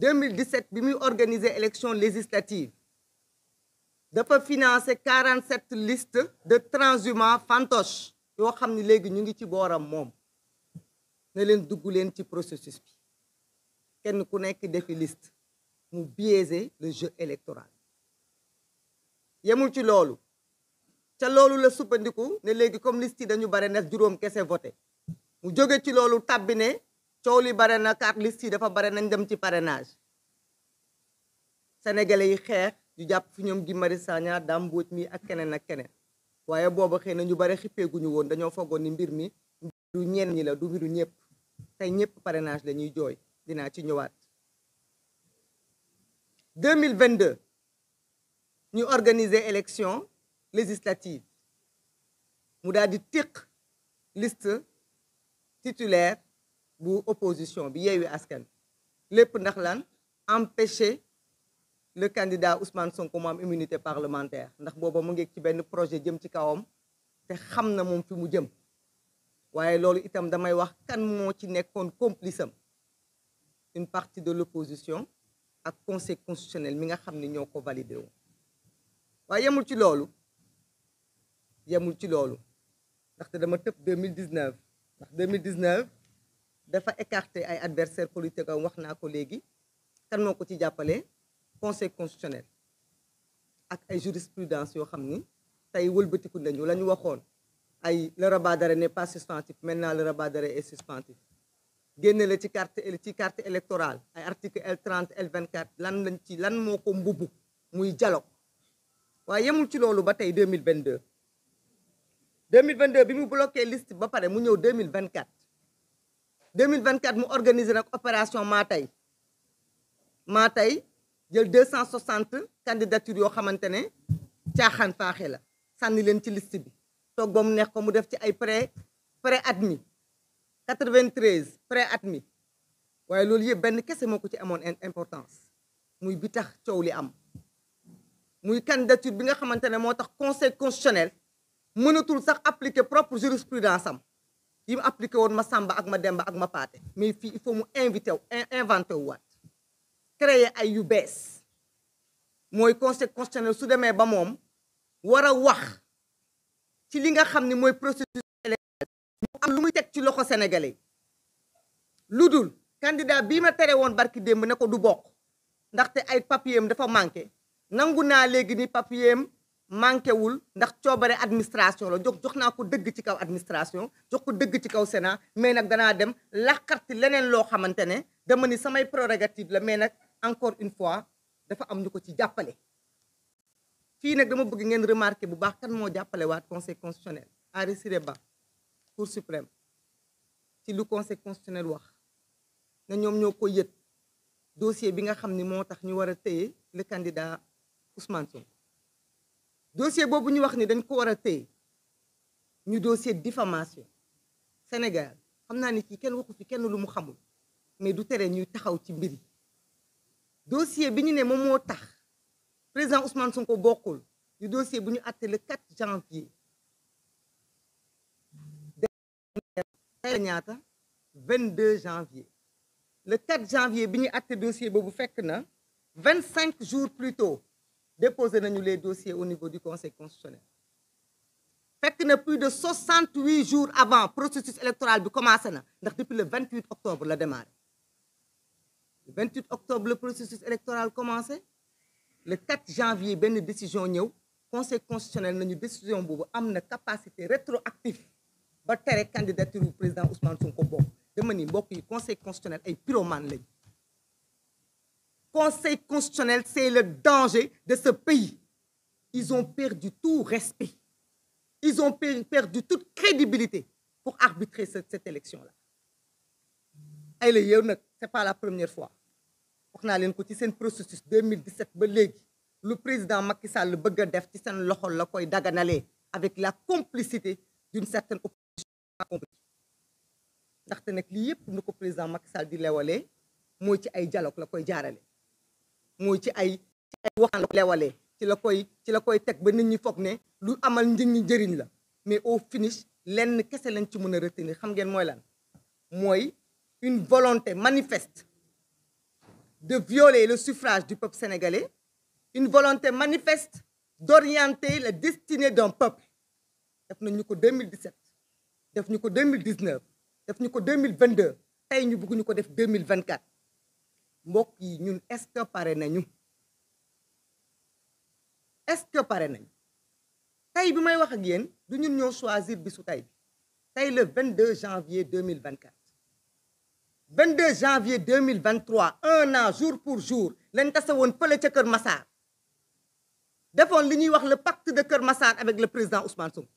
mille 2017 bi muy organiser élection législative dafa financer 47 liste de transhumants fantoches yoo xam ni léegi ñu ngi ci booram moom ne leen dugg leen ci processus bi kenn ku nekk defi liste mu biaiser le jeu électoral yemul ci loolu ca loolu la suppandiku ne léegi comme liste yi dañu bare nag juróom kese voté mu jóge ci loolu tàbbi ne coow li bare na carte liste yi dafa bare nañ dem ci parrainage sénégalais yi xeex ñu jàpp fi ñoom Guy Marius Sagna Dame Mbodj mi ak keneen ak keneen waaye booba xëy na ñu bare xippeeguñu woon dañoo foogoon ni mbir mi du ñenn ñi la du mbiru ñëpp tey ñëpp parenage lañuy jooy dinaa ci ñëwaat mille vingt 2022 ñu organiser élection législative mu daal di tiq liste titulaire bu opposition bi yeewi askan lépp ndax lan empêcher le candidat Ousmane Sonko mu am immunité parlementaire ndax booba mu ngi ci benn projet jëm ci kawam te xam na moom fi mu jëm waaye loolu itam damay wax kan moo ci nekkoon complice am une partie de l'opposition ak conseil constitutionnel mi nga xam ni ñoo ko validé woon waaye yemul ci loolu yemul ci loolu ndaxte dama tëb 2019 ndax dafa écarter ay adversaires politiques am wax naa ko léegi kan moo ko ci jàppale conseil constitutionnel ak ay jurisprudence yoo xam ni tey wëlbatiku nañu la ñu waxoon ay le rabat d'arrêt pas suspensif maintenant le rabat d'arrêt est suspensif génne la ci carte ci carte électorale ay article L30 L24 lan lañ ci lan moo ko mbubb muy dialogue waaye yemul ci loolu ba tey mille 2022 2022 bi mu bloqué liste ba pare mu ñëw 2024 2024 mu organiser nag opération maa tey maa tey jël 260 candidatures yoo xamante ne caaxaan faaxe la sànni leen ci liste bi toog ba mu neex ko mu def ci ay pré pré admis 93 pré admis waaye loolu yëpp benn kese moo ko ci amoon importance muy bi tax coow li am muy candidature bi nga xamante ne moo tax conseil constitutionnel mënatul sax appliquer propre jurisprudence am yi mu appliqué woon ma Samba ak ma Demba ak ma Paate mais fii il faut mu invité wu inventé wu waat créer ay yu bees mooy conseil constitutionnel su demee ba moom war a wax ci li nga xam ne mooy processus électoral lu muy teg ci loxo sénégalais lu dul candidat bii ma tere woon barki démb ne ko du bokk ndaxte ay papieram dafa manqué nangu naa léegi ni papieram manqué wul ndax coobare administration la jox jox naa ko dëgg ci kaw administration jox ko dëgg ci kaw Sénat mais nag danaa dem làqarti leneen loo xamante ne dama ni samay prérogative la mais nag encore une fois dafa am ñu ko ci jàppale. fii nag dama bëgg ngeen remarqué bu baax kan moo jàppale waat conseil constitutionnel Henri Ciré Ba cour suprême ci lu conseil constitutionnel wax na ñoom ñoo ko yët dossier bi nga xam ni moo tax ñu war a téye le candidat dossier boobu ñu wax ni dañ ko war a téye ñu dossier diffamation Sénégal xam naa ni kii kenn waxu fi kenn lu mu xamul mais du tere ñuy taxaw ci mbir yi dossier bi ñu ne moom moo tax président Ousmane Sonko bokkul du dossier bu ñu àtte le 4 janvier tey la ñaata 22 janvier le 4 janvier bi ñu àtte dossier boobu fekk na cinq jours plus tôt déposé nañu les dossiers au niveau du conseil constitutionnel fekk na plus de 68 jours avant processus électoral bi commencé na ndax depuis le 28 octobre la démarré le 28 octobre le processus électoral commencé le 4 janvier benn décision ñëw conseil constitutionnel nañu décision boobu am na capacité rétroactive ba tere candidature bu président Ousmane Sonko bokk dama ni mbokk yi conseil constitutionnel ay pyromane lañu Conseil constitutionnel, c'est le danger de ce pays. Ils ont perdu tout respect. Ils ont perdu toute crédibilité pour arbitrer cette, cette élection-là. ay la yow nag c'est pas la première fois wax naa leen ko ci seen processus 2017 ba léegi le président Macky Sall bëgg a def ci seen loxo la koy daganalee avec la complicité d'une certaine opposition ndaxte nag lii yëpp nu ko président Macky Sall di lewalee mooy ci ay dialogue la koy jaarale mooy ci ay ci ay waxtaan la koy lewalee ci la koy ci la koy teg ba nit ñi foog ne lu amal njëriñ njëriñ la mais au finish lenn kese lañ ci mën a retenir xam ngeen mooy lan mooy une volonté manifeste de violer le suffrage du peuple sénégalais une volonté manifeste d'orienter la destinée d'un peuple def nañu ko 2017 def ñu ko 2019 def ñu ko mille 2022 tey ñu bëgg ñu ko def vingt 2024 mbokk yi ñun est-ce que pare nañu est-ce que pare nañu tey bi may wax ak yéen du ñun ñoo choisir bisu tey bi tey le vingt 22 janvier 2024 22 janvier 2023 un an jour pour jour lañ tase woon fële ca Kër Massar defoon li ñuy wax le pacte de Kër Massar avec le président Ousmane Sonko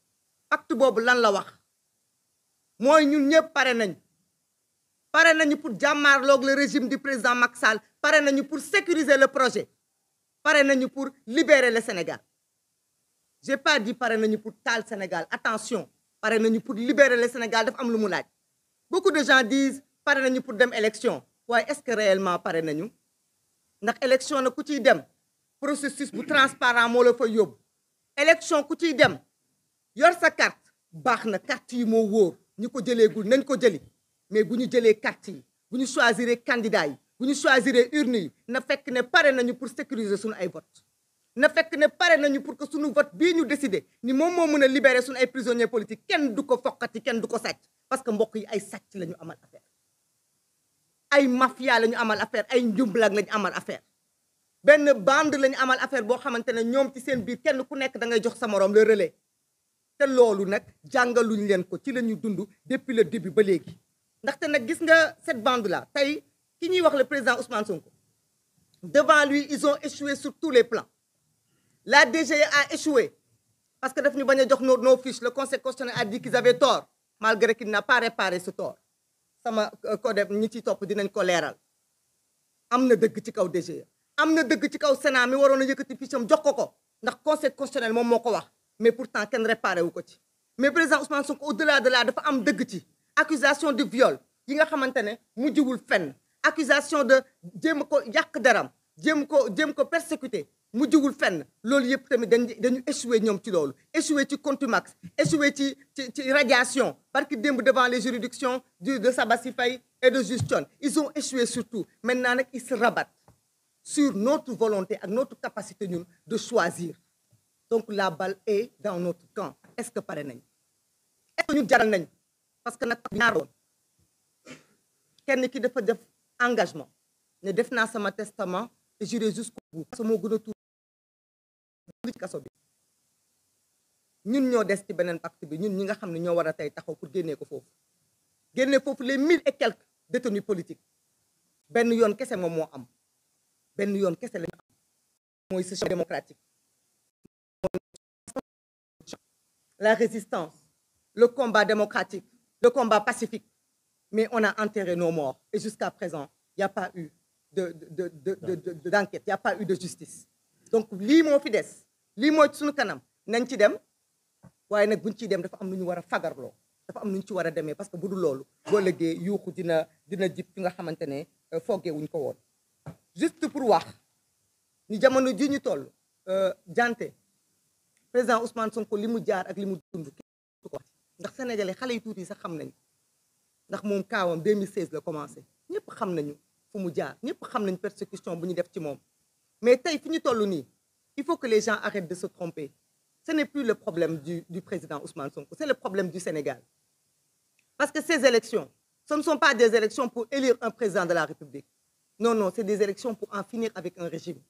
pacte boobu lan la wax mooy ñun ñëpp pare nañ pare nañu pour jàmmaarloog le régime du président Macky Sall pare nañu pour sécuriser le projet pare nañu pour libérer le Sénégal j'ai pas dit pare nañu pour tal Sénégal attention pare nañu pour libérer le Sénégal dafa am lu mu laaj beaucoup de gens disent pare nañu pour dem élection waaye est-ce que réellement pare nañu ndax élection na ku ciy dem processus bu transparent moo la fa yóbbu élection ku ciy dem yor sa carte baax na carte yi moo wóor ñi ko jëleegul nañ ko jëli mais bu ñu jëlee carte yi bu ñu choisiree candidat yi bu ñu choisiree urne yi na fekk ne pare nañu pour sécuriser suñu ay vote na fekk ne pare nañu pour que suñu vote bii ñu décider ni moom moo mën a libérer suñu ay prisonniers politiques kenn du ko foqati kenn du ko sàcc parce que mbokk yi ay sac lañu ñu amal affaire ay mafia la ñu amal affaire ay njumbalag la amal affaire benn bande la ñu amal affaire boo xamante ne ñoom ci seen biir kenn ku nekk dangay jox sa morom le relais loolu nag jàngaluñ leen ko ci la ñu dund depuis le début ba léegi ndaxte nag gis nga cette bande la tey ki ñuy wax le président Ousmane Sonko devant lui ils ont échoué sur tous les plans la DGE a échoué parce que daf ñu bañ a jox nos nos fiches le conseil constitutionnel a dit qu'ils avaient tort malgré qu'il n'a pas réparé ce tort sama euh, code ñi ciy topp dinañ ko leeral am na dëgg ci kaw DGE am na dëgg ci kaw Sénat mi waroon a yëkkati ficham jox ko ko ndax conseil constitutionnel moom moo ko wax mais pourtant kenn réparé wu ko ci mais président Ousmane Sonko au delà de dafa am dëgg ci accusation de viol yi nga xamante ne mujjwul fenn accusation de jéem ko yàq daram jéem ko jéem ko persécuté mujjwul fenn loolu yëpp tamit dañ dañu échoué ñoom ci loolu échoué ci contumax échoué ci ci ci radiation parce que démb devant les juridictions du de Sabassi Faye et de Justion ils ont échoué surtout maintenant nag ils se rabattent sur notre volonté ak notre capacité ñun de choisir donc la balle est dans notre camp est-ce que pare nañ est que ñun jaral nañ parce que nag ñaar woon kenn ki dafa def engagement ne def naa sama testament et j'irai jusqu'au bout parce que moo bi ñun ñoo des ci beneen pacte bi ñun ñi nga xam ne ñoo war a tey taxaw pour génnee ko foofu génne foofu les mille et quelques détenus politiques benn yoon kese moom moo am benn yoon kese lañu am mooy ce champ démocratique de combat pacifique. Mais on a enterré no morts. Et jusqu'à présent, il pas eu de, de, de, il n'y a pas eu de justice. Donc, lii moo fi des lii mooy suñu kanam nañ ci dem waaye nag buñ ciy dem dafa am lu ñu war a fagarloo dafa am lu ñu ci war a demee parce que budu loolu boo lëggee yuuxu dina dina jib fi nga xamante ne euh, foogee wuñ ko woon. juste pour wax ni jamono ji ñu toll jante euh, président Ousmane Sonko li mu jaar ak li mu dund ndax sénégalais xale yu tuuti yi sax xam nañu ndax moom kaawam 2016 la commencé ñëpp xam nañu fu mu jaar ñëpp xam nañu persécution bu ñu def ci moom mais tey fi ñu toll nii il faut que les gens arrêtent de se tromper ce n'est plus le problème du du président Ousmane Sonko c'est le problème du Sénégal parce que ces élections ce ne sont pas des élections pour élire un président de la République non non c'est des élections pour en finir avec un régime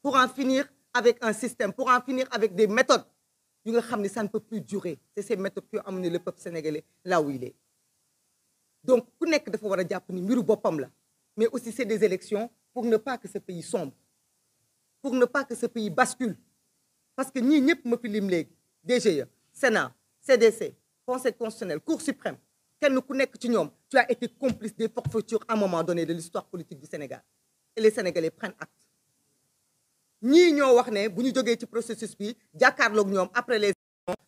pour en finir avec un système pour en finir yu nga xam ne ça ne peut plus durer c'est ces méthodes qui ont amené le peuple sénégalais là où il est donc ku nekk dafa war a jàpp ni mbiru boppam la mais aussi c'est des élections pour ne pas que ce pays sombre pour ne pas que ce pays bascule parce que ñii ñëpp ma fi lim léegi DGE Sénat CDC Conseil constitutionnel Cour suprême kenn ku nekk ci ñoom tu as été complice des forfaitures à un moment donné de l'histoire politique du Sénégal et ñii ñoo wax ne bu ñu jógee ci processus bi jàkkaarloog ñoom après les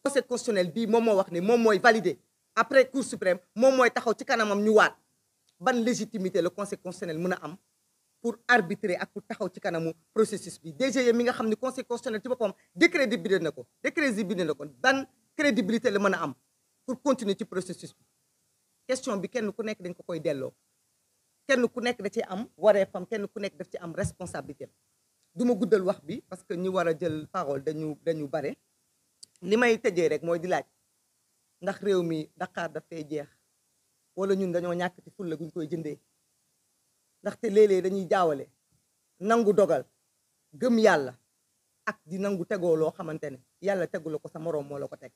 conseil constitutionnel bii moom moo wax ne moom mooy validé après cour suprême moom mooy taxaw ci kanamam ñu waat ban légitimité le conseil constitutionnel mën a am pour arbitrer ak pour taxaw ci kanamu processus bi DGE mi nga xam ne conseil constitutionnel ci boppam décrédibilité na ko décrédibilité na ko ban crédibilité la mën a am pour continuer ci processus bi question bi kenn ku nekk dañ ko koy delloo kenn ku nekk da ci am wareefam kenn ku nekk daf ci am responsabilité du ma guddal wax bi parce que ñi war a jël parole dañu dañu bare li may tëjee rek mooy di laaj ndax réew mi Dakar daf jeex wala ñun dañoo ñàkk ci fulla guñ koy jëndee ndaxte léeg-léeg dañuy jaawale nangu dogal gëm yàlla ak di nangu tegoo loo xamante ne yàlla tegul la ko sa moroom moo la ko teg